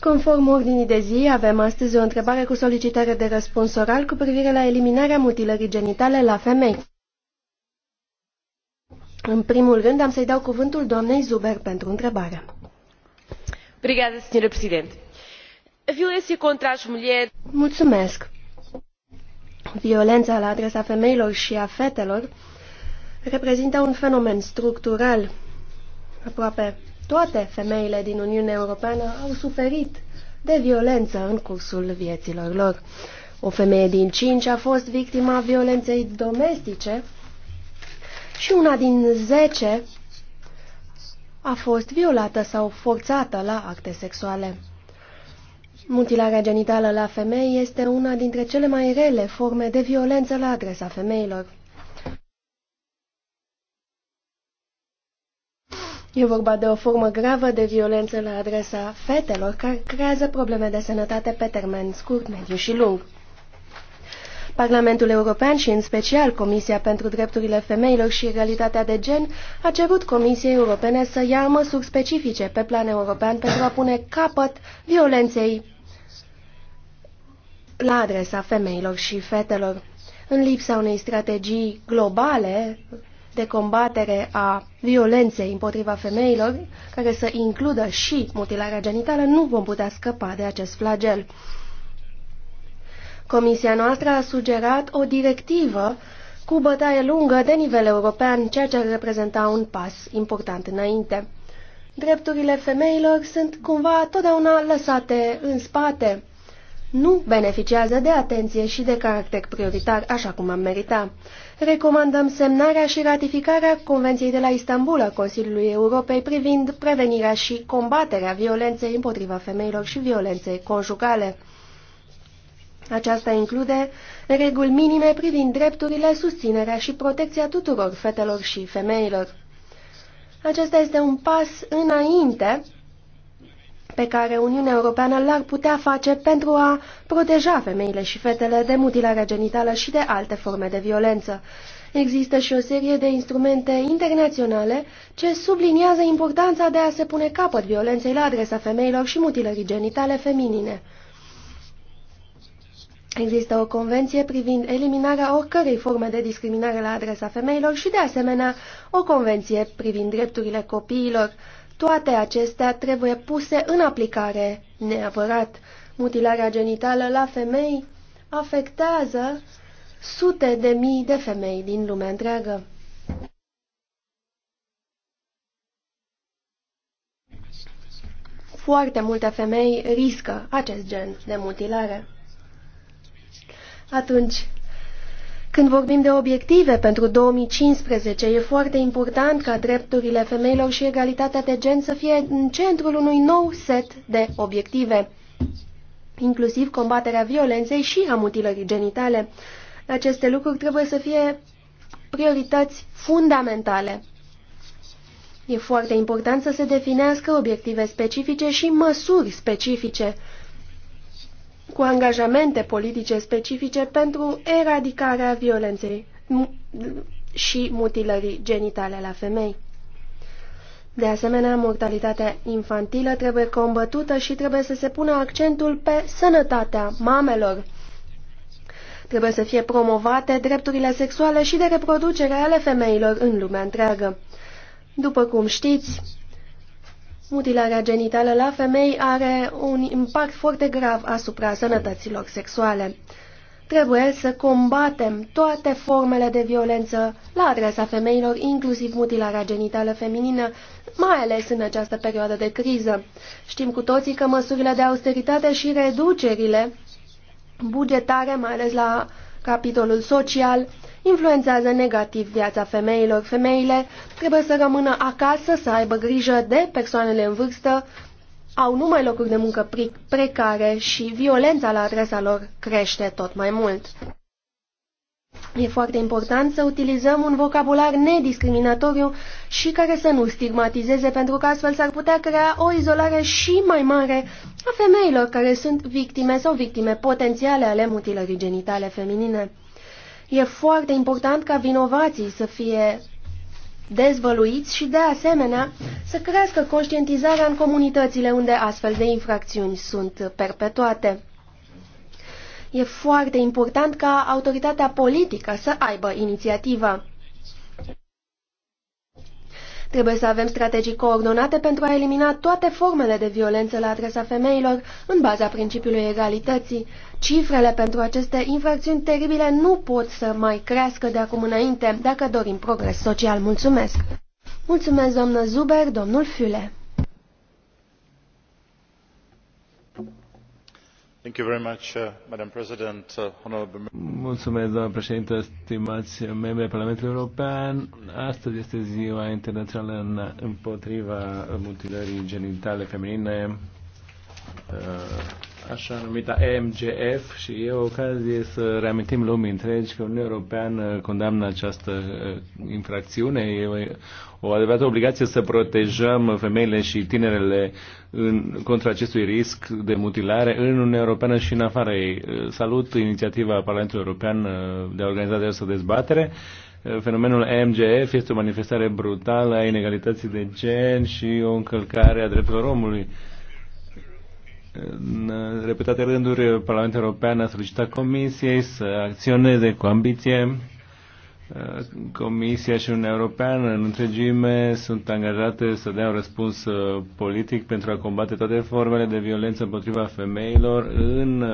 Conform ordinii de zi, avem astăzi o întrebare cu solicitare de răspuns oral cu privire la eliminarea mutilării genitale la femei. În primul rând, am să-i dau cuvântul doamnei Zuber pentru întrebare. Obrigada, senhora Presidente. A violência contra as mulheres... Mulțumesc. Violența la adresa femeilor și a fetelor reprezintă un fenomen structural. Aproape toate femeile din Uniunea Europeană au suferit de violență în cursul vieților lor. O femeie din cinci a fost victima violenței domestice și una din zece a fost violată sau forțată la acte sexuale. Mutilarea genitală la femei este una dintre cele mai rele forme de violență la adresa femeilor. E vorba de o formă gravă de violență la adresa fetelor care creează probleme de sănătate pe termen scurt, mediu și lung. Parlamentul European și în special Comisia pentru Drepturile Femeilor și Egalitatea de Gen a cerut Comisiei Europene să ia măsuri specifice pe plan european pentru a pune capăt violenței la adresa femeilor și fetelor. În lipsa unei strategii globale de combatere a violenței împotriva femeilor, care să includă și mutilarea genitală, nu vom putea scăpa de acest flagel. Comisia noastră a sugerat o directivă cu bătaie lungă de nivel european, ceea ce ar reprezenta un pas important înainte. Drepturile femeilor sunt cumva totdeauna lăsate în spate nu beneficiază de atenție și de caracter prioritar, așa cum am merita. Recomandăm semnarea și ratificarea Convenției de la Istanbul a Consiliului Europei privind prevenirea și combaterea violenței împotriva femeilor și violenței conjugale. Aceasta include reguli minime privind drepturile, susținerea și protecția tuturor fetelor și femeilor. Acesta este un pas înainte pe care Uniunea Europeană l-ar putea face pentru a proteja femeile și fetele de mutilarea genitală și de alte forme de violență. Există și o serie de instrumente internaționale ce subliniază importanța de a se pune capăt violenței la adresa femeilor și mutilării genitale feminine. Există o convenție privind eliminarea oricărei forme de discriminare la adresa femeilor și, de asemenea, o convenție privind drepturile copiilor. Toate acestea trebuie puse în aplicare neapărat. Mutilarea genitală la femei afectează sute de mii de femei din lumea întreagă. Foarte multe femei riscă acest gen de mutilare. Atunci, când vorbim de obiective pentru 2015, e foarte important ca drepturile femeilor și egalitatea de gen să fie în centrul unui nou set de obiective, inclusiv combaterea violenței și a mutilării genitale. Aceste lucruri trebuie să fie priorități fundamentale. E foarte important să se definească obiective specifice și măsuri specifice cu angajamente politice specifice pentru eradicarea violenței și mutilării genitale la femei. De asemenea, mortalitatea infantilă trebuie combătută și trebuie să se pună accentul pe sănătatea mamelor. Trebuie să fie promovate drepturile sexuale și de reproducere ale femeilor în lumea întreagă. După cum știți, Mutilarea genitală la femei are un impact foarte grav asupra sănătăților sexuale. Trebuie să combatem toate formele de violență la adresa femeilor, inclusiv mutilarea genitală feminină, mai ales în această perioadă de criză. Știm cu toții că măsurile de austeritate și reducerile bugetare, mai ales la capitolul social, influențează negativ viața femeilor. Femeile trebuie să rămână acasă, să aibă grijă de persoanele în vârstă, au numai locuri de muncă precare și violența la adresa lor crește tot mai mult. E foarte important să utilizăm un vocabular nediscriminatoriu și care să nu stigmatizeze, pentru că astfel s-ar putea crea o izolare și mai mare a femeilor care sunt victime sau victime potențiale ale mutilării genitale feminine. E foarte important ca vinovații să fie dezvăluiți și, de asemenea, să crească conștientizarea în comunitățile unde astfel de infracțiuni sunt perpetuate. E foarte important ca autoritatea politică să aibă inițiativa. Trebuie să avem strategii coordonate pentru a elimina toate formele de violență la adresa femeilor în baza principiului egalității. Cifrele pentru aceste infracțiuni teribile nu pot să mai crească de acum înainte dacă dorim progres social. Mulțumesc! Mulțumesc, doamnă Zuber, domnul Fule. Uh, uh, Mulțumesc, doamnă președintă, stimați membri ai Parlamentului European. Astăzi este ziua internațională în, împotriva mutilării genitale feminine. Uh, așa numită MGF și e o ocazie să reamintim lumii întregi că Uniunea Europeană condamnă această uh, infracțiune. E o adevărată obligație să protejăm femeile și tinerele în, contra acestui risc de mutilare în Uniunea Europeană și în afara ei. Uh, salut inițiativa Parlamentului European uh, de a organiza această dezbatere. Fenomenul MGF este o manifestare brutală a inegalității de gen și o încălcare a drepturilor omului în repetate rânduri, Parlamentul European a solicitat Comisiei să acționeze cu ambiție. Comisia și Uniunea Europeană în întregime sunt angajate să dea un răspuns politic pentru a combate toate formele de violență împotriva femeilor în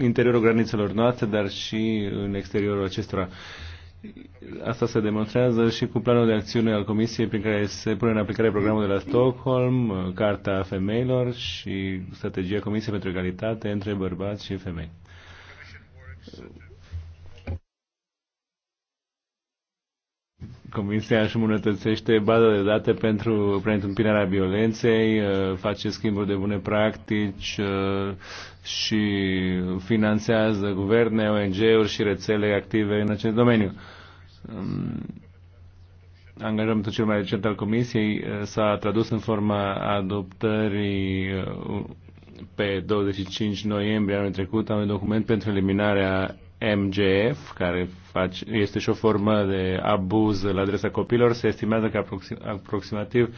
interiorul granițelor noastre, dar și în exteriorul acestora. Asta se demonstrează și cu planul de acțiune al Comisiei prin care se pune în aplicare programul de la Stockholm, Carta Femeilor și strategia Comisiei pentru Egalitate între bărbați și femei Comisia își îmbunătățește baza de date pentru preîntâmpinarea violenței, uh, face schimburi de bune practici uh, și finanțează guverne, ONG-uri și rețele active în acest domeniu. Um, angajamentul cel mai recent al Comisiei uh, s-a tradus în forma adoptării pe 25 noiembrie anul trecut a unui document pentru eliminarea MGF, care face, este și o formă de abuz la adresa copilor, se estimează că aproxim, aproximativ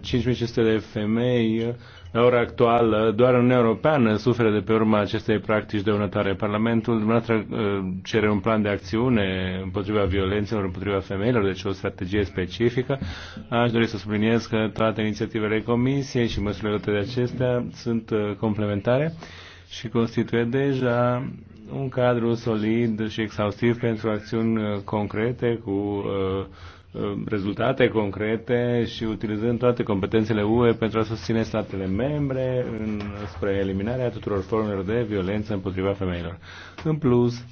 5500 uh, de femei uh, la ora actuală, doar în Uniunea Europeană suferă de pe urma acestei practici dăunătoare. Parlamentul dumneavoastră uh, cere un plan de acțiune împotriva violențelor, împotriva femeilor, deci o strategie specifică. Aș dori să subliniez că toate inițiativele Comisiei și măsurile de acestea sunt complementare și constituie deja un cadru solid și exhaustiv pentru acțiuni uh, concrete cu uh, uh, rezultate concrete și utilizând toate competențele UE pentru a susține statele membre în, spre eliminarea tuturor formelor de violență împotriva femeilor. În plus,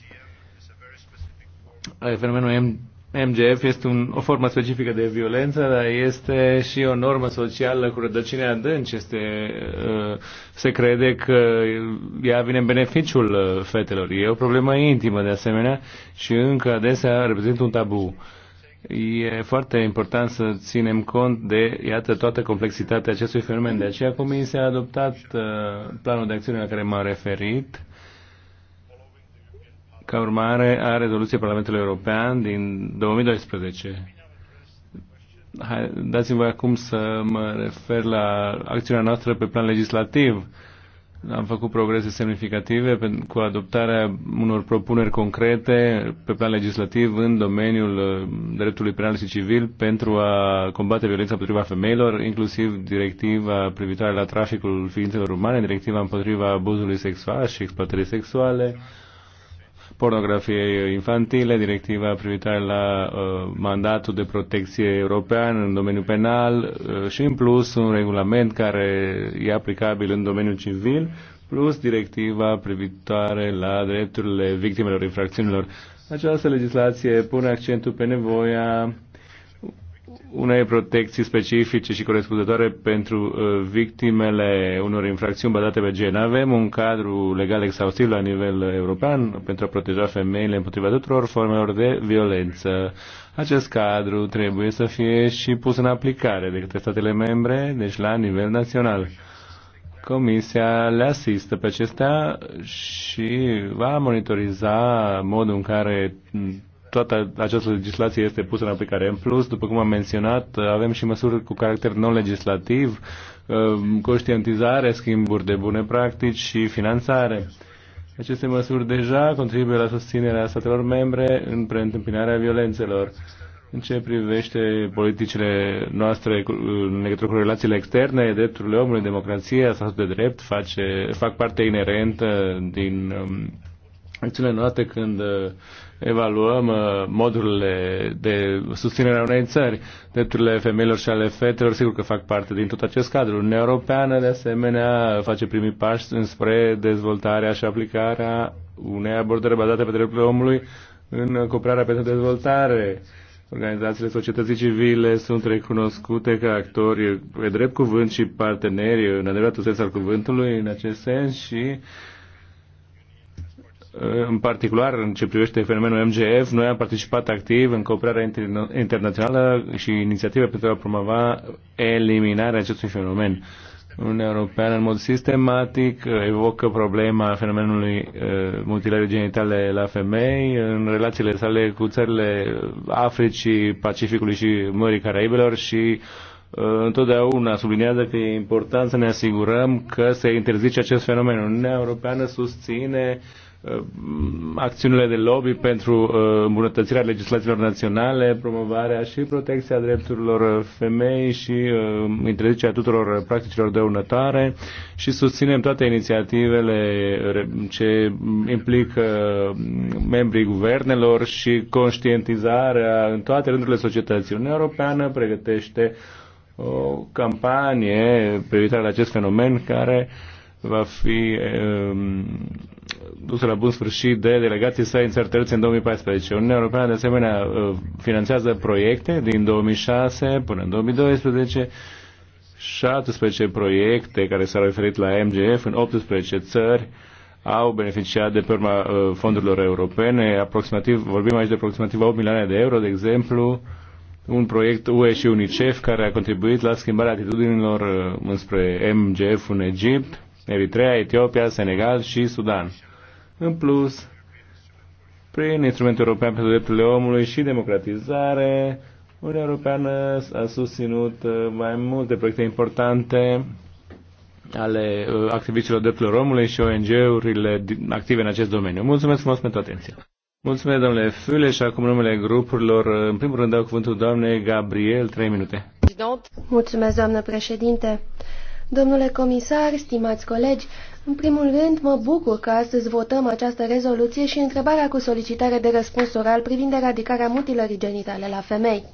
fenomenul MGF este un, o formă specifică de violență, dar este și o normă socială cu rădăcine adânci. Este, uh, se crede că ea vine în beneficiul uh, fetelor. E o problemă intimă, de asemenea, și încă adesea reprezintă un tabu. E foarte important să ținem cont de, iată, toată complexitatea acestui fenomen. De aceea Comisia a adoptat uh, planul de acțiune la care m-am referit ca urmare a rezoluției Parlamentului European din 2012. Dați-mi voi acum să mă refer la acțiunea noastră pe plan legislativ. Am făcut progrese semnificative cu adoptarea unor propuneri concrete pe plan legislativ în domeniul uh, dreptului penal și civil pentru a combate violența împotriva femeilor, inclusiv directiva privitoare la traficul ființelor umane, directiva împotriva abuzului sexual și exploatării sexuale, pornografiei infantile, directiva privitoare la uh, mandatul de protecție european în domeniul penal uh, și în plus un regulament care e aplicabil în domeniul civil, plus directiva privitoare la drepturile victimelor infracțiunilor. Această legislație pune accentul pe nevoia unei protecții specifice și corespunzătoare pentru uh, victimele unor infracțiuni bazate pe gen. Avem un cadru legal exhaustiv la nivel european pentru a proteja femeile împotriva tuturor formelor de violență. Acest cadru trebuie să fie și pus în aplicare de către statele membre, deci la nivel național. Comisia le asistă pe acestea și va monitoriza modul în care toată această legislație este pusă în aplicare. În plus, după cum am menționat, avem și măsuri cu caracter non-legislativ, uh, conștientizare, schimburi de bune practici și finanțare. Aceste măsuri deja contribuie la susținerea statelor membre în preîntâmpinarea violențelor. În ce privește politicile noastre în legătură cu relațiile externe, drepturile omului, democrația, statul de drept face, fac parte inerentă din um, acțiunile noastre când uh, evaluăm uh, modurile de susținere a unei țări. Drepturile femeilor și ale fetelor sigur că fac parte din tot acest cadru. Uniunea Europeană, de asemenea, face primii pași înspre dezvoltarea și aplicarea unei abordări bazate pe drepturile omului în cooperarea pentru dezvoltare. Organizațiile societății civile sunt recunoscute ca actori pe drept cuvânt și parteneri în adevăratul sens al cuvântului în acest sens și uh, în particular în ce privește fenomenul MGF, noi am participat activ în cooperarea internațională și inițiative pentru a promova eliminarea acestui fenomen. Uniunea Europeană în mod sistematic evocă problema fenomenului uh, mutilării genitale la femei în relațiile sale cu țările Africii, Pacificului și Mării Caraibelor și uh, întotdeauna subliniază că e important să ne asigurăm că se interzice acest fenomen. Uniunea Europeană susține uh, Uh, acțiunile de lobby pentru uh, îmbunătățirea legislațiilor naționale, promovarea și protecția drepturilor femei și uh, interzicerea tuturor practicilor dăunătoare și susținem toate inițiativele ce implică membrii guvernelor și conștientizarea în toate rândurile societății. Uniunea Europeană pregătește o campanie privitoare la acest fenomen care uh, va fi um, ehm, dusă la bun sfârșit de delegații săi în țări terțe în 2014. Uniunea Europeană, de asemenea, eh, finanțează proiecte din 2006 până în 2012, 17 proiecte care s-au referit la MGF în 18 țări au beneficiat de pe urma eh, fondurilor europene, aproximativ, vorbim aici de aproximativ 8 milioane de euro, de exemplu, un proiect UE și UNICEF care a contribuit la schimbarea atitudinilor eh, înspre MGF în Egipt, Eritrea, Etiopia, Senegal și Sudan. În plus, prin Instrumentul European pentru Drepturile Omului și Democratizare, Uniunea Europeană a susținut uh, mai multe proiecte importante ale uh, activiștilor drepturilor omului și ONG-urile active în acest domeniu. Mulțumesc frumos pentru atenție! Mulțumesc, domnule Fule, și acum numele grupurilor. Uh, în primul rând dau cuvântul doamnei Gabriel, 3 minute. Mulțumesc, doamnă președinte. Domnule comisar, stimați colegi, în primul rând mă bucur că astăzi votăm această rezoluție și întrebarea cu solicitare de răspuns oral privind eradicarea mutilării genitale la femei.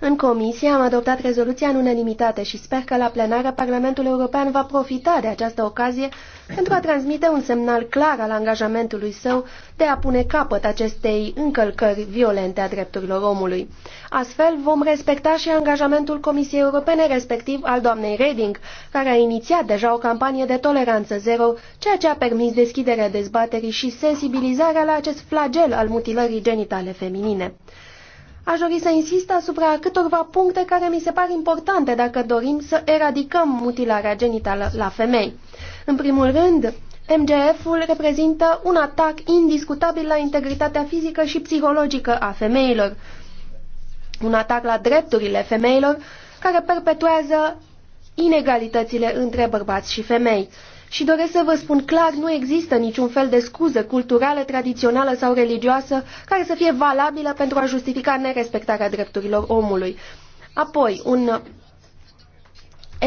În comisie am adoptat rezoluția în unanimitate și sper că la plenară Parlamentul European va profita de această ocazie pentru a transmite un semnal clar al angajamentului său de a pune capăt acestei încălcări violente a drepturilor omului. Astfel, vom respecta și angajamentul Comisiei Europene, respectiv al doamnei Reding, care a inițiat deja o campanie de toleranță zero, ceea ce a permis deschiderea dezbaterii și sensibilizarea la acest flagel al mutilării genitale feminine. Aș dori să insist asupra câtorva puncte care mi se par importante dacă dorim să eradicăm mutilarea genitală la femei. În primul rând, MGF-ul reprezintă un atac indiscutabil la integritatea fizică și psihologică a femeilor, un atac la drepturile femeilor care perpetuează inegalitățile între bărbați și femei. Și doresc să vă spun clar, nu există niciun fel de scuză culturală, tradițională sau religioasă care să fie valabilă pentru a justifica nerespectarea drepturilor omului. Apoi, un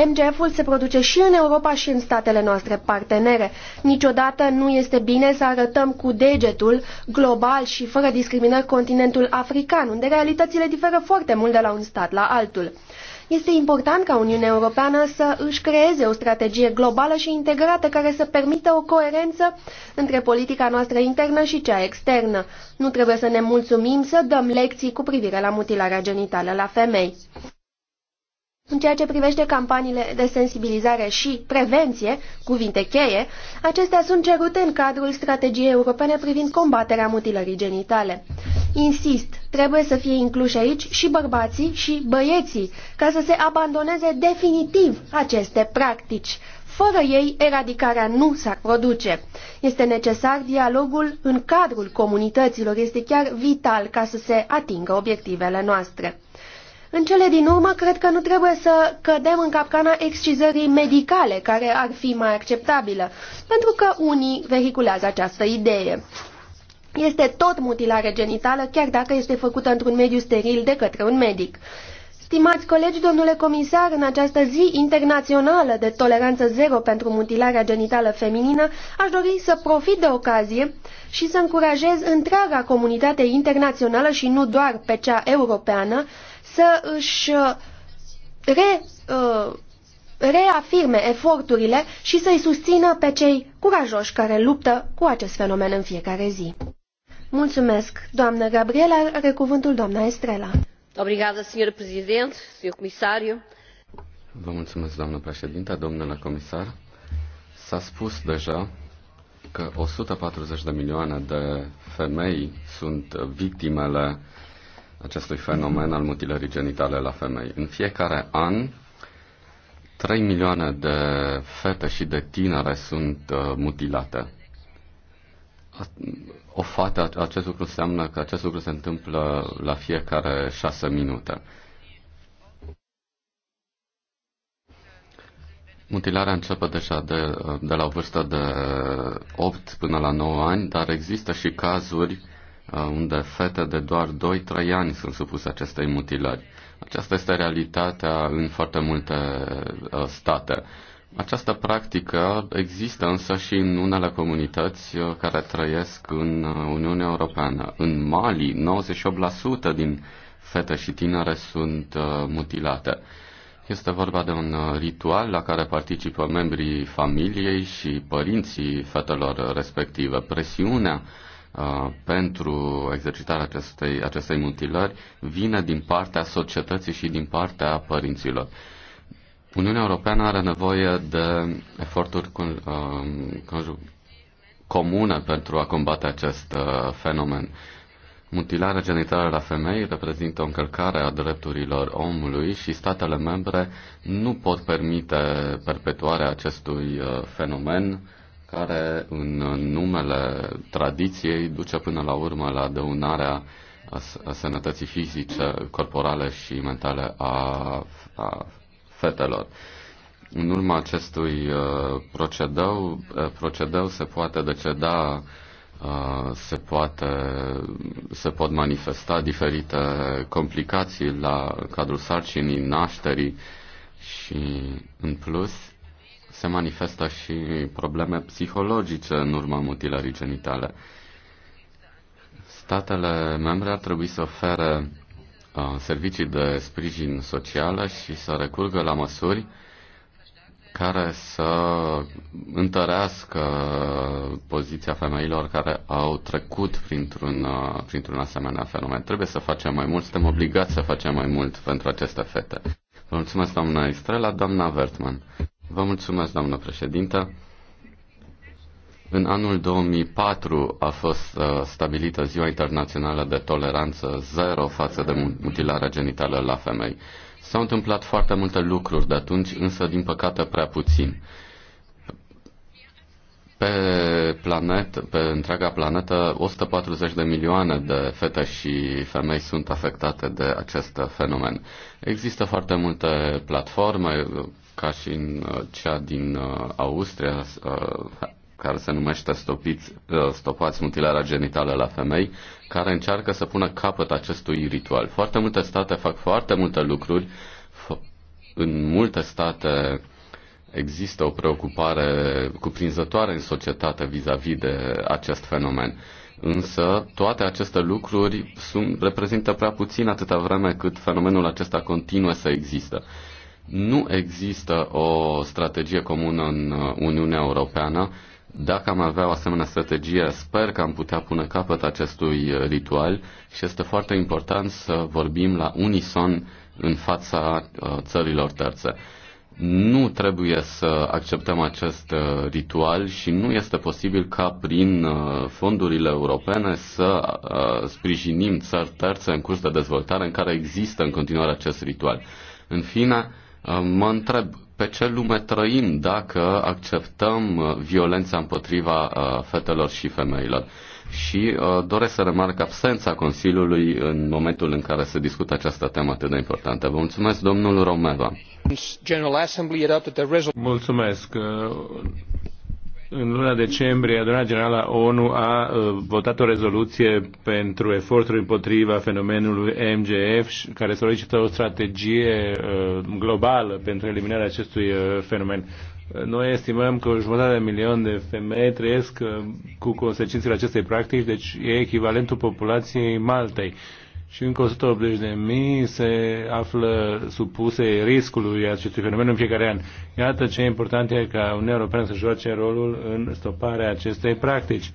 MGF-ul se produce și în Europa și în statele noastre partenere. Niciodată nu este bine să arătăm cu degetul global și fără discriminări continentul african, unde realitățile diferă foarte mult de la un stat la altul. Este important ca Uniunea Europeană să își creeze o strategie globală și integrată care să permită o coerență între politica noastră internă și cea externă. Nu trebuie să ne mulțumim să dăm lecții cu privire la mutilarea genitală la femei. În ceea ce privește campaniile de sensibilizare și prevenție, cuvinte cheie, acestea sunt cerute în cadrul strategiei europene privind combaterea mutilării genitale. Insist, trebuie să fie incluși aici și bărbații și băieții, ca să se abandoneze definitiv aceste practici. Fără ei, eradicarea nu s-ar produce. Este necesar dialogul în cadrul comunităților, este chiar vital ca să se atingă obiectivele noastre. În cele din urmă, cred că nu trebuie să cădem în capcana excizării medicale, care ar fi mai acceptabilă, pentru că unii vehiculează această idee. Este tot mutilare genitală, chiar dacă este făcută într-un mediu steril de către un medic. Stimați colegi, domnule comisar, în această zi internațională de toleranță zero pentru mutilarea genitală feminină, aș dori să profit de ocazie și să încurajez întreaga comunitate internațională și nu doar pe cea europeană să își uh, re, uh, reafirme eforturile și să-i susțină pe cei curajoși care luptă cu acest fenomen în fiecare zi. Mulțumesc, doamnă Gabriela, are cuvântul doamna Estrela. Obrigada, senhor presidente, senhor comissário. Vă mulțumesc, doamnă președinte, domnule comisar. S-a spus deja că 140 de milioane de femei sunt victimele acestui fenomen al mutilării genitale la femei. În fiecare an, 3 milioane de fete și de tinere sunt uh, mutilate. O fată, acest lucru înseamnă că acest lucru se întâmplă la fiecare șase minute. Mutilarea începe deja de, uh, de la o vârstă de 8 până la 9 ani, dar există și cazuri Uh, unde fete de doar 2-3 ani sunt supuse acestei mutilări. Aceasta este realitatea în foarte multe uh, state. Această practică există însă și în unele comunități uh, care trăiesc în Uniunea Europeană. În Mali, 98% din fete și tinere sunt mutilate. Este vorba de un ritual la care participă membrii familiei și părinții fetelor respective. Presiunea Uh, pentru exercitarea acestei, acestei mutilări vine din partea societății și din partea părinților. Uniunea Europeană are nevoie de eforturi uh, comune pentru a combate acest uh, fenomen. Mutilarea genitală la femei reprezintă o încălcare a drepturilor omului și statele membre nu pot permite perpetuarea acestui uh, fenomen care în numele tradiției duce până la urmă la dăunarea sănătății fizice, corporale și mentale a, a fetelor. În urma acestui uh, procedeu, uh, procedeu se poate deceda, uh, se, poate, se pot manifesta diferite complicații la cadrul sarcinii, nașterii și, în plus, se manifestă și probleme psihologice în urma mutilării genitale. Statele membre ar trebui să ofere uh, servicii de sprijin socială și să recurgă la măsuri care să întărească poziția femeilor care au trecut printr-un, uh, printr-un asemenea fenomen. Trebuie să facem mai mult, suntem obligați să facem mai mult pentru aceste fete. Vă mulțumesc, doamna Estrela, doamna Vertman. Vă mulțumesc, doamnă președintă. În anul 2004 a fost uh, stabilită Ziua Internațională de Toleranță Zero față de mutilarea genitală la femei. S-au întâmplat foarte multe lucruri de atunci, însă din păcate prea puțin. Pe, planet, pe întreaga planetă, 140 de milioane de fete și femei sunt afectate de acest fenomen. Există foarte multe platforme ca și în uh, cea din uh, Austria, uh, care se numește Stopiți, Stopați mutilarea genitală la femei, care încearcă să pună capăt acestui ritual. Foarte multe state fac foarte multe lucruri. În multe state există o preocupare cuprinzătoare în societate vis-a-vis -vis de acest fenomen. Însă toate aceste lucruri sunt, reprezintă prea puțin atâta vreme cât fenomenul acesta continuă să există. Nu există o strategie comună în uh, Uniunea Europeană. Dacă am avea o asemenea strategie, sper că am putea pune capăt acestui uh, ritual și este foarte important să vorbim la unison în fața uh, țărilor terțe. Nu trebuie să acceptăm acest ritual și nu este posibil ca prin fondurile europene să sprijinim țări terțe în curs de dezvoltare în care există în continuare acest ritual. În fine, Uh, mă întreb pe ce lume trăim dacă acceptăm uh, violența împotriva uh, fetelor și femeilor. Și uh, doresc să remarc absența Consiliului în momentul în care se discută această temă atât de importantă. Vă mulțumesc, domnul Romeva. Mulțumesc. În luna decembrie, adunarea generală a ONU a uh, votat o rezoluție pentru eforturi împotriva fenomenului MGF, care solicită o strategie uh, globală pentru eliminarea acestui uh, fenomen. Noi estimăm că o jumătate de milion de femei trăiesc cu consecințele acestei practici, deci e echivalentul populației Maltei și încă 180 de mii se află supuse riscului acestui fenomen în fiecare an. Iată ce important e ca Uniunea Europeană să joace rolul în stoparea acestei practici.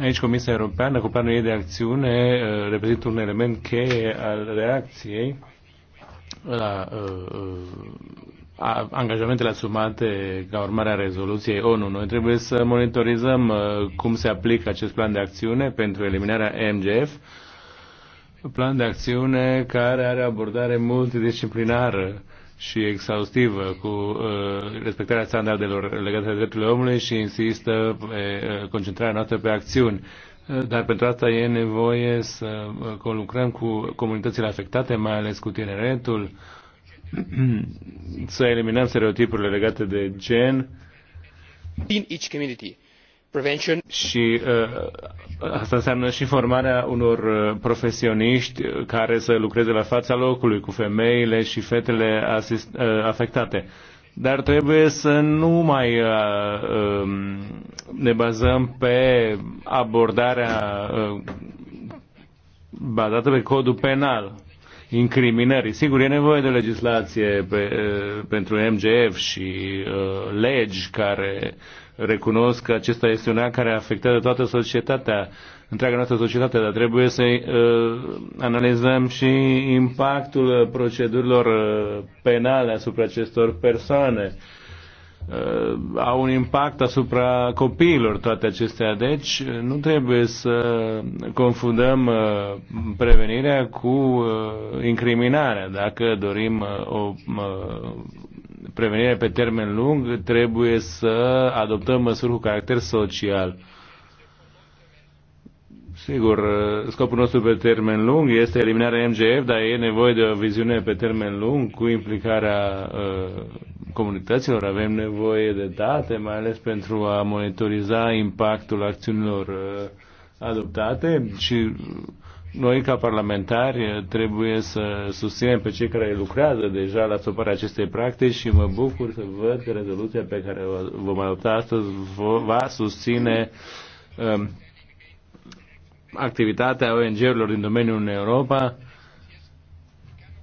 Aici Comisia Europeană, cu planul ei de acțiune, uh, reprezintă un element cheie al reacției la uh, uh angajamentele asumate ca urmare a rezoluției ONU. Noi trebuie să monitorizăm uh, cum se aplică acest plan de acțiune pentru eliminarea MGF plan de acțiune care are abordare multidisciplinară și exhaustivă cu uh, respectarea standardelor legate de drepturile omului și insistă pe uh, concentrarea noastră pe acțiuni. Uh, dar pentru asta e nevoie să uh, conlucrăm cu comunitățile afectate, mai ales cu tineretul, să eliminăm stereotipurile legate de gen. In each community prevention. Și uh, asta înseamnă și formarea unor uh, profesioniști uh, care să lucreze la fața locului cu femeile și fetele asist, uh, afectate. Dar trebuie să nu mai uh, uh, ne bazăm pe abordarea uh, bazată pe codul penal incriminării. Sigur, e nevoie de legislație pe, pentru MGF și uh, legi care recunosc că acesta este un act care afectează toată societatea, întreaga noastră societate, dar trebuie să uh, analizăm și impactul procedurilor uh, penale asupra acestor persoane. Uh, uh, au un impact asupra copiilor toate acestea. Deci uh, nu trebuie să confundăm uh, prevenirea cu uh, incriminarea. Dacă dorim uh, o uh, prevenire pe termen lung, trebuie să adoptăm măsuri cu caracter social. Sigur, uh, scopul nostru pe termen lung este eliminarea MGF, dar e nevoie de o viziune pe termen lung cu implicarea uh, comunităților, avem nevoie de date, mai ales pentru a monitoriza impactul acțiunilor uh, adoptate și noi ca parlamentari trebuie să susținem pe cei care lucrează deja la stoparea acestei practici și mă bucur să văd că rezoluția pe care o vom adopta astăzi va susține um, activitatea ONG-urilor din domeniul în Europa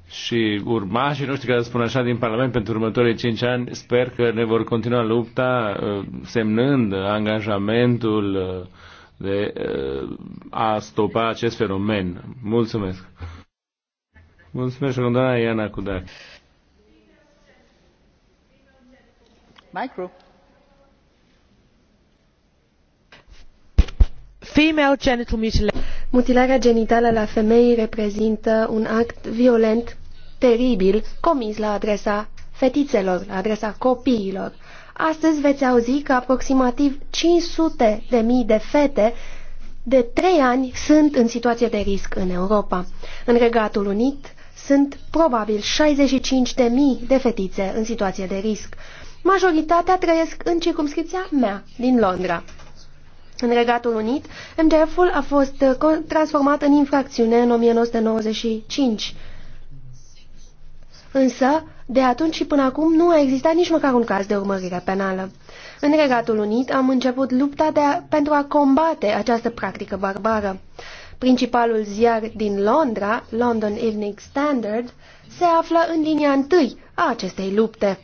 și urmașii noștri, care să spun așa, din Parlament pentru următorii cinci ani, sper că ne vor continua lupta uh, semnând angajamentul uh, de uh, a stopa acest fenomen. Mulțumesc! Mulțumesc, doamna Iana Cudac. Micro. Female genital mutilation. Mutilarea genitală la femei reprezintă un act violent teribil comis la adresa fetițelor, la adresa copiilor. Astăzi veți auzi că aproximativ 500 de mii de fete de trei ani sunt în situație de risc în Europa. În Regatul Unit sunt probabil 65 de mii de fetițe în situație de risc. Majoritatea trăiesc în circumscripția mea, din Londra. În Regatul Unit, MDF-ul a fost uh, transformat în infracțiune în 1995 Însă, de atunci și până acum nu a existat nici măcar un caz de urmărire penală. În Regatul Unit am început lupta de a, pentru a combate această practică barbară. Principalul ziar din Londra, London Evening Standard, se află în linia întâi a acestei lupte.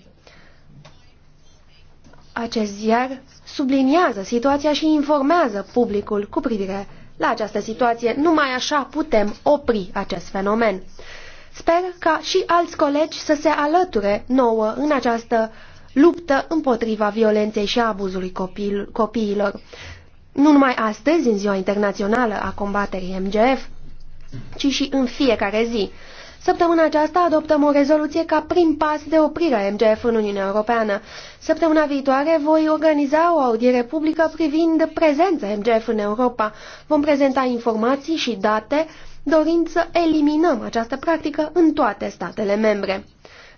Acest ziar subliniază situația și informează publicul cu privire la această situație. Numai așa putem opri acest fenomen. Sper ca și alți colegi să se alăture nouă în această luptă împotriva violenței și abuzului copil, copiilor. Nu numai astăzi, în Ziua Internațională a Combaterii MGF, ci și în fiecare zi. Săptămâna aceasta adoptăm o rezoluție ca prim pas de oprire a MGF în Uniunea Europeană. Săptămâna viitoare voi organiza o audiere publică privind prezența MGF în Europa. Vom prezenta informații și date dorind să eliminăm această practică în toate statele membre.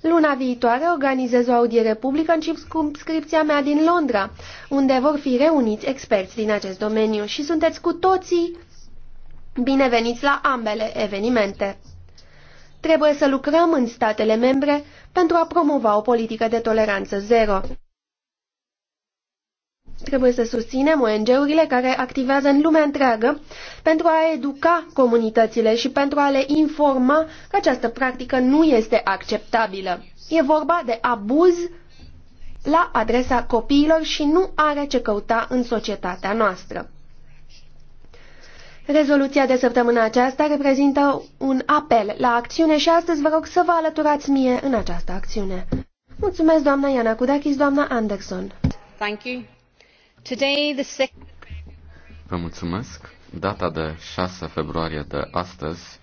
Luna viitoare organizez o audiere publică în circumscripția mea din Londra, unde vor fi reuniți experți din acest domeniu și sunteți cu toții bineveniți la ambele evenimente. Trebuie să lucrăm în statele membre pentru a promova o politică de toleranță zero. Trebuie să susținem ONG-urile care activează în lumea întreagă pentru a educa comunitățile și pentru a le informa că această practică nu este acceptabilă. E vorba de abuz la adresa copiilor și nu are ce căuta în societatea noastră. Rezoluția de săptămâna aceasta reprezintă un apel la acțiune și astăzi vă rog să vă alăturați mie în această acțiune. Mulțumesc, doamna Iana Kudakis, doamna Anderson. Thank you. Today, the... Vă mulțumesc. Data de 6 februarie de astăzi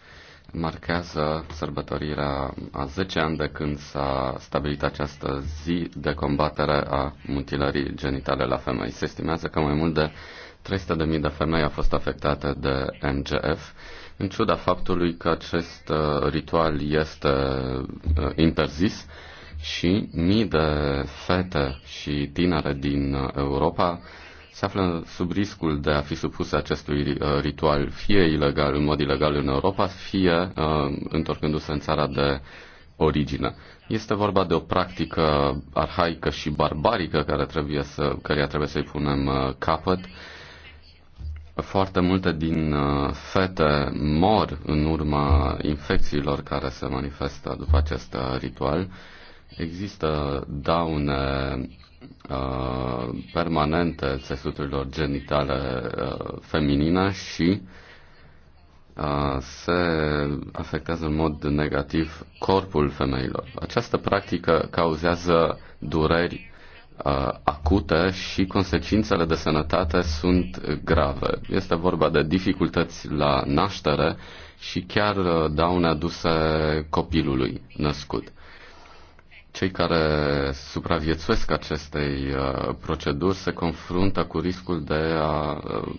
marchează sărbătorirea a 10 ani de când s-a stabilit această zi de combatere a mutilării genitale la femei. Se estimează că mai mult de 300.000 de femei au fost afectate de MGF, în ciuda faptului că acest uh, ritual este uh, interzis și mii de fete și tinere din uh, Europa se află sub riscul de a fi supuse acestui uh, ritual, fie ilegal, în mod ilegal în Europa, fie uh, întorcându-se în țara de origine. Este vorba de o practică arhaică și barbarică care trebuie să, căreia trebuie să-i punem uh, capăt. Foarte multe din fete mor în urma infecțiilor care se manifestă după acest ritual Există daune uh, permanente țesuturilor genitale uh, feminine și uh, se afectează în mod negativ corpul femeilor. Această practică cauzează dureri uh, acute și consecințele de sănătate sunt grave. Este vorba de dificultăți la naștere și chiar uh, daune aduse copilului născut. Cei care supraviețuiesc acestei uh, proceduri se confruntă cu riscul de a, uh,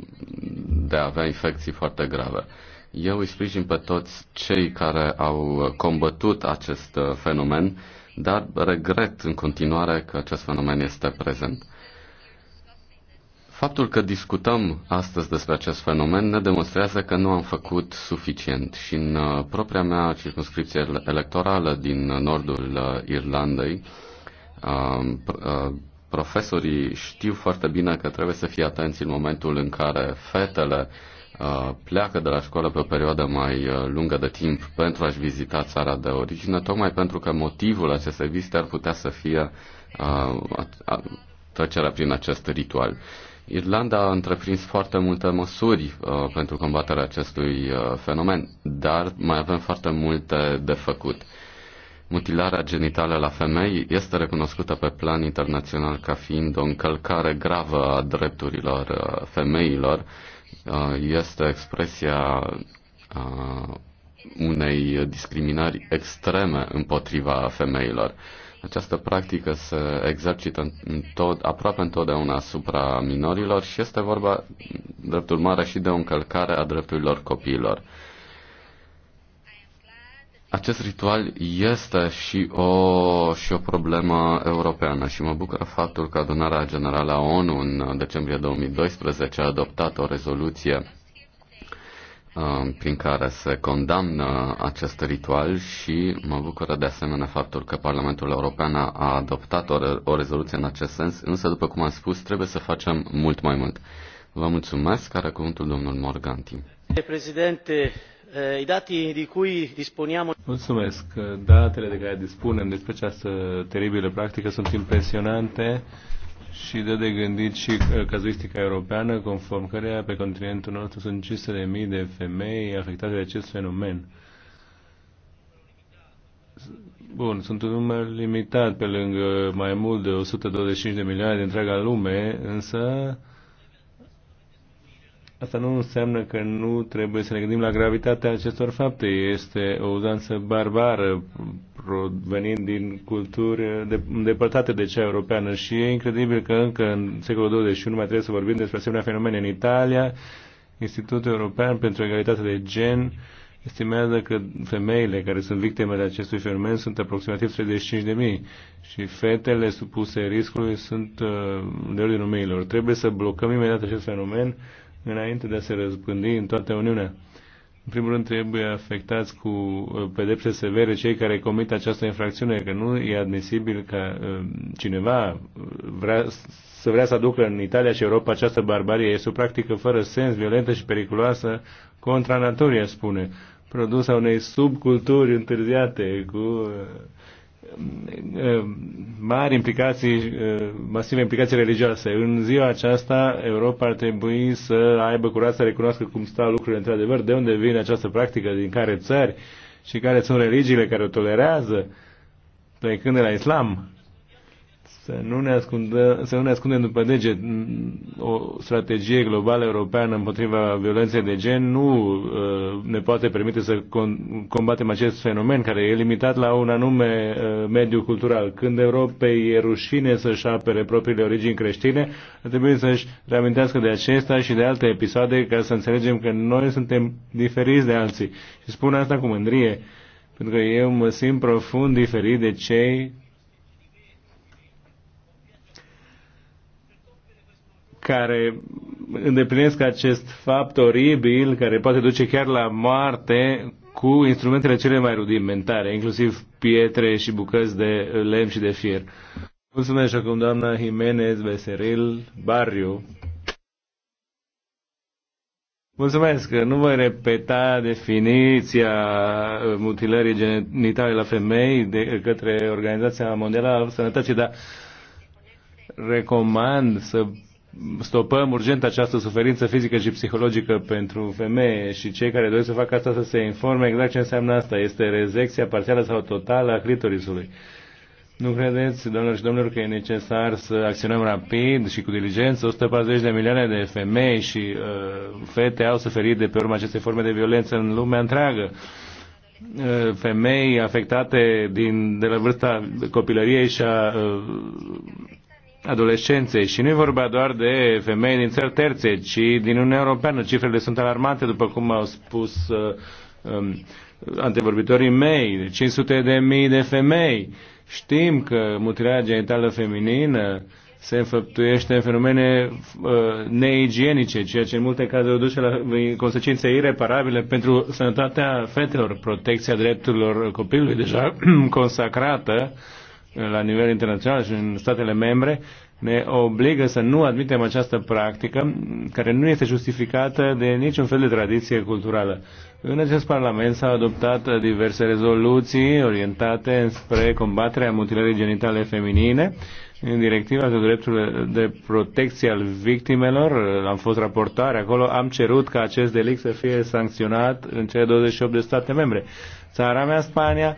de a avea infecții foarte grave. Eu îi sprijin pe toți cei care au combătut acest uh, fenomen, dar regret în continuare că acest fenomen este prezent. Faptul că discutăm astăzi despre acest fenomen ne demonstrează că nu am făcut suficient și în uh, propria mea circunscripție electorală din uh, nordul uh, Irlandei, um, profesorii știu foarte bine că trebuie să fie atenți în momentul în care fetele pleacă de la școală pe o perioadă mai lungă de timp pentru a-și vizita țara de origine, tocmai pentru că motivul acestei vizite ar putea să fie trecerea prin acest ritual. Irlanda a întreprins foarte multe măsuri uh, pentru combaterea acestui uh, fenomen, dar mai avem foarte multe de făcut. Mutilarea genitală la femei este recunoscută pe plan internațional ca fiind o încălcare gravă a drepturilor uh, femeilor. Uh, este expresia uh, unei discriminări extreme împotriva femeilor. Această practică se exercită în tot, aproape întotdeauna asupra minorilor și este vorba, drept urmare, și de o încălcare a drepturilor copiilor. Acest ritual este și o, și o problemă europeană și mă bucură faptul că adunarea generală a ONU în decembrie 2012 a adoptat o rezoluție Um, prin care se condamnă acest ritual și mă bucură de asemenea faptul că Parlamentul European a adoptat o, re- o rezoluție în acest sens, însă, după cum am spus, trebuie să facem mult mai mult. Vă mulțumesc, are cuvântul domnul Morganti. Președinte, eh, i dati di cui disponiamo... Mulțumesc. Datele de care dispunem despre această teribilă practică sunt impresionante și dă de gândit și uh, cazuistica europeană, conform căreia pe continentul nostru sunt 500.000 de de femei afectate de acest fenomen. Bun, sunt un număr limitat pe lângă mai mult de 125 de milioane de întreaga lume, însă Asta nu înseamnă că nu trebuie să ne gândim la gravitatea acestor fapte. Este o uzanță barbară provenind din culturi îndepărtate de cea europeană și e incredibil că încă în secolul 21 mai trebuie să vorbim despre asemenea fenomene în Italia. Institutul European pentru Egalitate de Gen estimează că femeile care sunt victime de acestui fenomen sunt aproximativ 35.000 și fetele supuse riscului sunt uh, de ordinul miilor. Trebuie să blocăm imediat acest fenomen înainte de a se răspândi în toată Uniunea. În primul rând trebuie afectați cu uh, pedepse severe cei care comit această infracțiune, că nu e admisibil ca uh, cineva uh, vrea să vrea să aducă în Italia și Europa această barbarie. Este o practică fără sens, violentă și periculoasă contra naturii, spune, produsă unei subculturi întârziate cu mari implicații, masive implicații religioase. În ziua aceasta, Europa ar trebui să aibă curaj să recunoască cum stau lucrurile într-adevăr, de unde vine această practică, din care țări și care sunt religiile care o tolerează, plecând de la islam să nu ne ascundem, să nu ne ascundem după deget. O strategie globală europeană împotriva violenței de gen nu uh, ne poate permite să combatem acest fenomen care e limitat la un anume uh, mediu cultural. Când Europei e rușine să-și apere propriile origini creștine, trebuie să-și reamintească de acesta și de alte episoade ca să înțelegem că noi suntem diferiți de alții. Și spun asta cu mândrie, pentru că eu mă simt profund diferit de cei care îndeplinesc acest fapt oribil, care poate duce chiar la moarte, cu instrumentele cele mai rudimentare, inclusiv pietre și bucăți de lemn și de fier. Mulțumesc și acum doamna Jimenez Beseril Barriu. Mulțumesc. că Nu voi repeta definiția mutilării genitale la femei de către Organizația Mondială a Sănătății, dar recomand să stopăm urgent această suferință fizică și psihologică pentru femeie și cei care doresc să facă asta să se informe exact ce înseamnă asta. Este rezecția parțială sau totală a clitorisului. Nu credeți, domnilor și domnilor, că e necesar să acționăm rapid și cu diligență? 140 de milioane de femei și uh, fete au suferit de pe urma acestei forme de violență în lumea întreagă. Uh, femei afectate din, de la vârsta copilăriei și a uh, adolescenței. Și nu e vorba doar de femei din țări terțe, ci din Uniunea Europeană. Cifrele sunt alarmante, după cum au spus uh, um, antevorbitorii mei, 500 de mii de femei. Știm că mutilarea genitală feminină se înfăptuiește în fenomene uh, neigienice, ceea ce în multe cazuri duce la consecințe ireparabile pentru sănătatea fetelor, protecția drepturilor copilului deja consacrată uh, la nivel internațional și în statele membre ne obligă să nu admitem această practică care nu este justificată de niciun fel de tradiție culturală. În acest Parlament s-au adoptat diverse rezoluții orientate spre combaterea mutilării genitale feminine. În directiva de dreptul de protecție al victimelor, am fost raportare acolo, am cerut ca acest delict să fie sancționat în cele 28 de state membre. Țara mea, Spania,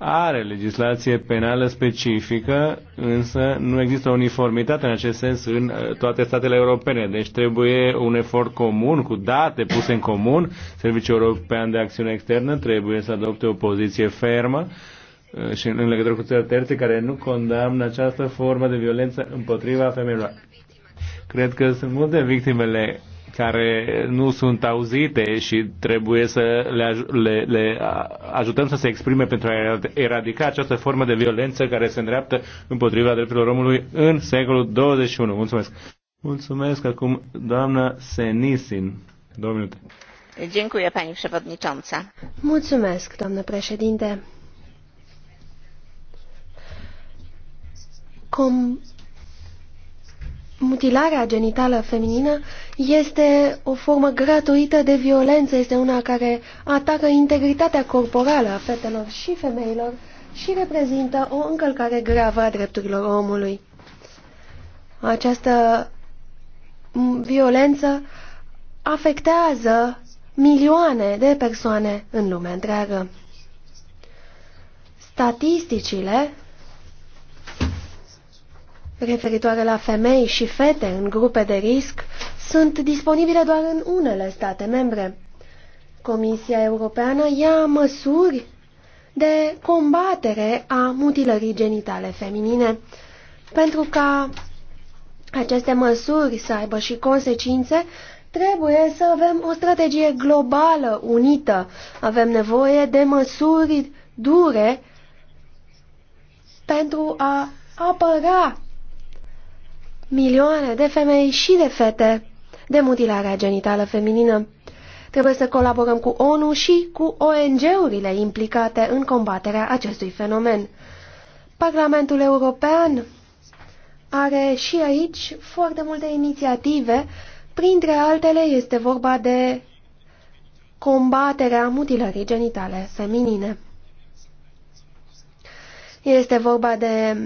are legislație penală specifică, însă nu există uniformitate în acest sens în uh, toate statele europene. Deci trebuie un efort comun, cu date puse în comun. Serviciul European de Acțiune Externă trebuie să adopte o poziție fermă uh, și în legătură cu țările terțe care nu condamnă această formă de violență împotriva femeilor. Cred că sunt multe victimele care nu sunt auzite și trebuie să le, le, le ajutăm să se exprime pentru a eradica această formă de violență care se îndreaptă împotriva drepturilor omului în secolul 21. Mulțumesc! Mulțumesc acum doamna Senisin. Două minute. Dziękuję pani przewodnicząca. Mulțumesc, doamnă președinte. Com Mutilarea genitală feminină este o formă gratuită de violență, este una care atacă integritatea corporală a fetelor și femeilor și reprezintă o încălcare gravă a drepturilor omului. Această violență afectează milioane de persoane în lumea întreagă. Statisticile referitoare la femei și fete în grupe de risc sunt disponibile doar în unele state membre. Comisia Europeană ia măsuri de combatere a mutilării genitale feminine pentru ca aceste măsuri să aibă și consecințe Trebuie să avem o strategie globală, unită. Avem nevoie de măsuri dure pentru a apăra milioane de femei și de fete de mutilarea genitală feminină. Trebuie să colaborăm cu ONU și cu ONG-urile implicate în combaterea acestui fenomen. Parlamentul European are și aici foarte multe inițiative, printre altele este vorba de combaterea mutilării genitale feminine. Este vorba de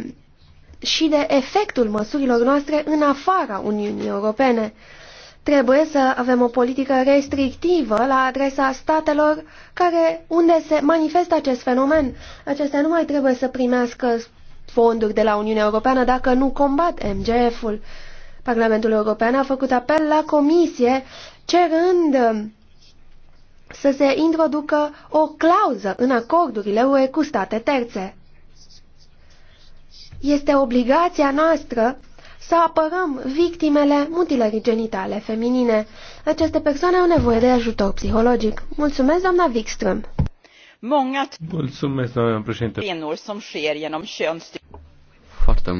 și de efectul măsurilor noastre în afara Uniunii Europene. Trebuie să avem o politică restrictivă la adresa statelor care, unde se manifestă acest fenomen. Acestea nu mai trebuie să primească fonduri de la Uniunea Europeană dacă nu combat MGF-ul. Parlamentul European a făcut apel la Comisie cerând um, să se introducă o clauză în acordurile UE cu state terțe. Este obligația noastră să apărăm victimele mutilării genitale feminine. Aceste persoane au nevoie de ajutor psihologic. Mulțumesc, doamna Wikström. Mulțumesc, doamna președinte. Foarte,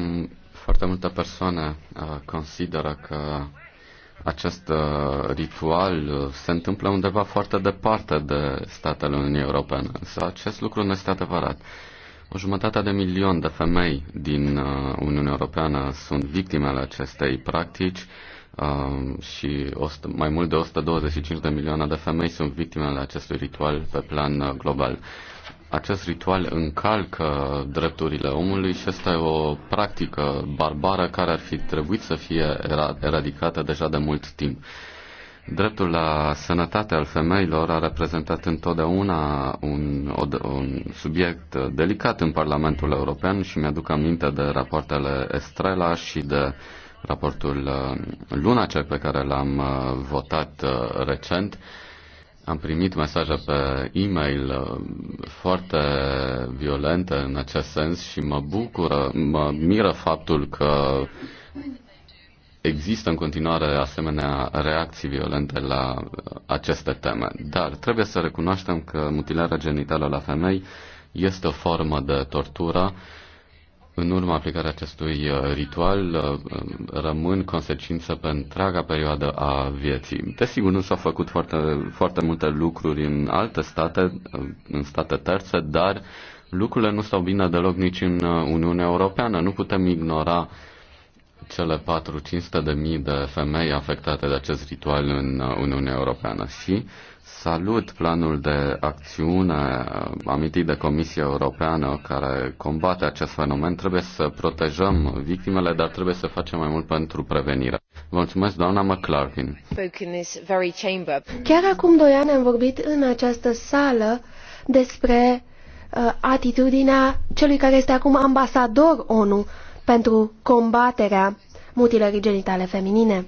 foarte multe persoane uh, consideră că acest uh, ritual uh, se întâmplă undeva foarte departe de statele Uniunii Europene, însă acest lucru nu este adevărat. O jumătate de milion de femei din uh, Uniunea Europeană sunt victime ale acestei practici uh, și mai mult de 125 de milioane de femei sunt victime ale acestui ritual pe plan uh, global. Acest ritual încalcă drepturile omului și asta e o practică barbară care ar fi trebuit să fie eradicată deja de mult timp. Dreptul la sănătate al femeilor a reprezentat întotdeauna un, un subiect delicat în Parlamentul European și mi-aduc aminte de rapoartele Estrela și de raportul uh, Lunace pe care l-am uh, votat uh, recent. Am primit mesaje pe e-mail foarte violente în acest sens și mă bucură, mă miră faptul că există în continuare asemenea reacții violente la uh, aceste teme, dar trebuie să recunoaștem că mutilarea genitală la femei este o formă de tortură. În urma aplicării acestui uh, ritual uh, rămân consecințe pe întreaga perioadă a vieții. Desigur, nu s-au făcut foarte, foarte multe lucruri în alte state, în state terțe, dar lucrurile nu stau bine deloc nici în Uniunea Europeană. Nu putem ignora uh, cele 4 de mii de femei afectate de acest ritual în uh, Uniunea Europeană și salut planul de acțiune uh, amintit de Comisia Europeană care combate acest fenomen. Trebuie să protejăm victimele, dar trebuie să facem mai mult pentru prevenire. Vă mulțumesc, doamna McClarkin. Chiar acum doi ani am vorbit în această sală despre uh, atitudinea celui care este acum ambasador ONU pentru combaterea mutilării genitale feminine.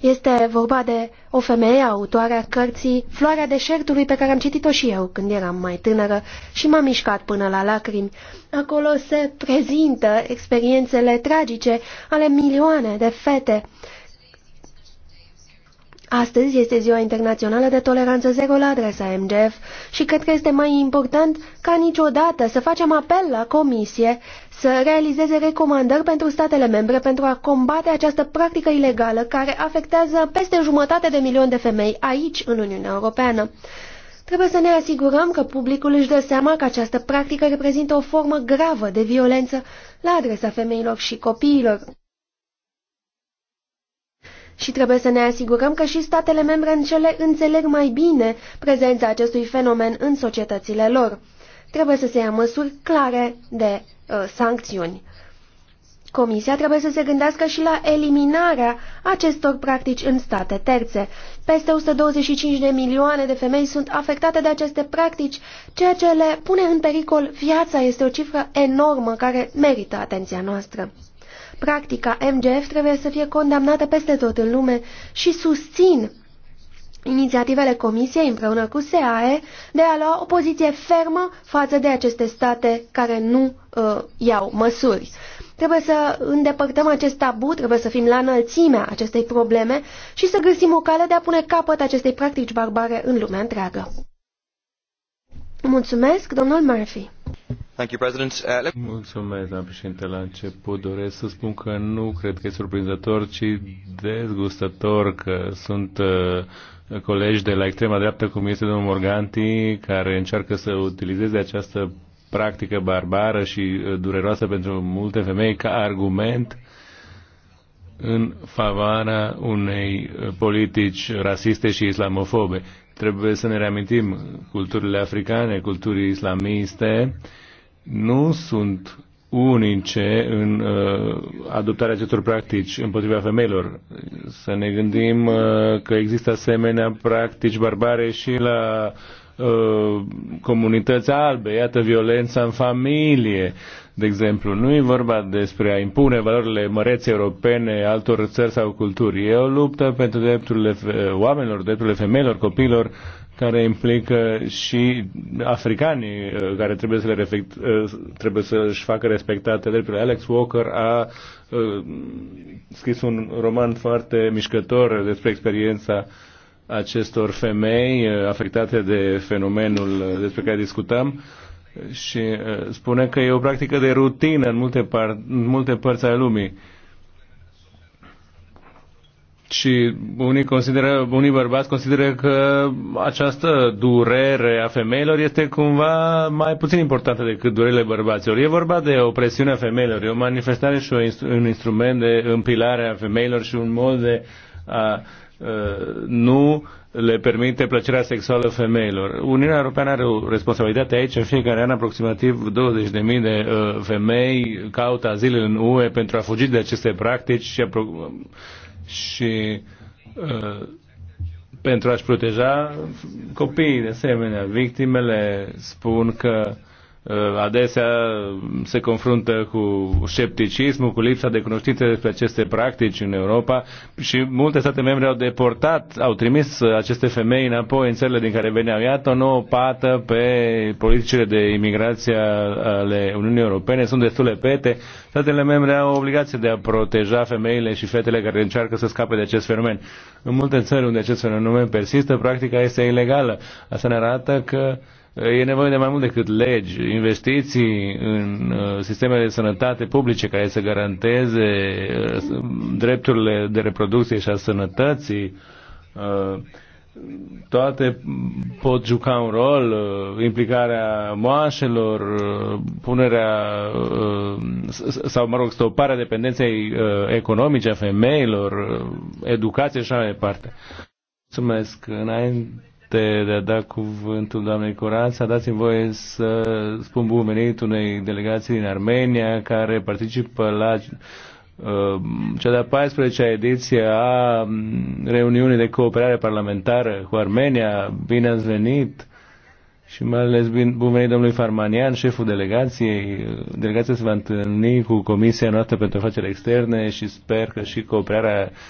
Este vorba de o femeie autoare a cărții Floarea deșertului pe care am citit-o și eu când eram mai tânără și m am mișcat până la lacrimi. Acolo se prezintă experiențele tragice ale milioane de fete Astăzi este ziua internațională de toleranță zero la adresa MGF și cred că este mai important ca niciodată să facem apel la Comisie să realizeze recomandări pentru statele membre pentru a combate această practică ilegală care afectează peste jumătate de milion de femei aici, în Uniunea Europeană. Trebuie să ne asigurăm că publicul își dă seama că această practică reprezintă o formă gravă de violență la adresa femeilor și copiilor și trebuie să ne asigurăm că și statele membre în cele înțeleg mai bine prezența acestui fenomen în societățile lor. Trebuie să se ia măsuri clare de uh, sancțiuni. Comisia trebuie să se gândească și la eliminarea acestor practici în state terțe. Peste 125 de milioane de femei sunt afectate de aceste practici, ceea ce le pune în pericol viața este o cifră enormă care merită atenția noastră. Practica MGF trebuie să fie condamnată peste tot în lume și susțin inițiativele Comisiei împreună cu SEAE de a lua o poziție fermă față de aceste state care nu uh, iau măsuri. Trebuie să îndepărtăm acest tabu, trebuie să fim la înălțimea acestei probleme și să găsim o cale de a pune capăt acestei practici barbare în lumea întreagă. Mulțumesc, domnul Murphy. Uh, Mulțumesc, doamnă președinte. La început doresc să spun că nu cred că e surprinzător, ci dezgustător că sunt uh, colegi de la extrema dreaptă, cum este domnul Morganti, care încearcă să utilizeze această practică barbară și uh, dureroasă pentru multe femei ca argument în favoarea unei politici rasiste și islamofobe. Trebuie să ne reamintim, culturile africane, culturii islamiste nu sunt unice în uh, adoptarea acestor practici împotriva femeilor. Să ne gândim uh, că există asemenea practici barbare și la uh, comunități albe, iată violența în familie, de exemplu, nu e vorba despre a impune valorile măreții europene altor țări sau culturi. E o luptă pentru drepturile oamenilor, drepturile femeilor, copiilor, care implică și africanii uh, care trebuie să le reflect, uh, trebuie să își facă respectate drepturile. Alex Walker a uh, scris un roman foarte mișcător despre experiența acestor femei afectate de fenomenul despre care discutăm și uh, spune că e o practică de rutină în multe, par, în multe părți ale lumii. Și unii, consideră, unii bărbați consideră că această durere a femeilor este cumva mai puțin importantă decât durerile bărbaților. E vorba de o presiune a femeilor, e o manifestare și un instrument de împilare a femeilor și un mod de a, a uh, nu le permite plăcerea sexuală femeilor. Uniunea Europeană are o responsabilitate aici. În fiecare an, aproximativ 20.000 de uh, femei caută azil în UE pentru a fugi de aceste practici și, apro- și uh, pentru a-și proteja copiii, de asemenea. Victimele spun că uh, Uh, adesea se confruntă cu scepticismul, cu lipsa de cunoștințe despre aceste practici în Europa și multe state membre au deportat, au trimis aceste femei înapoi în țările din care veneau. Iată o nouă pată pe politicile de imigrație ale Uniunii Europene, sunt destule pete. Statele membre au obligație de a proteja femeile și fetele care încearcă să scape de acest fenomen. În multe țări unde acest fenomen persistă, practica este ilegală. Asta ne arată că E nevoie de mai mult decât legi, investiții în uh, sistemele de sănătate publice care să garanteze uh, drepturile de reproducție și a sănătății. Uh, toate pot juca un rol, implicarea moașelor, punerea sau, mă rog, stoparea dependenței economice a femeilor, educație și așa mai departe. Mulțumesc. Înainte Înainte de a da cuvântul doamnei să dați-mi voie să spun bun venit unei delegații din Armenia care participă la uh, cea de-a 14-a ediție a reuniunii de cooperare parlamentară cu Armenia. Bine ați venit! Și mai ales bun venit domnului Farmanian, șeful delegației. Delegația se va întâlni cu Comisia noastră pentru afaceri externe și sper că și cooperarea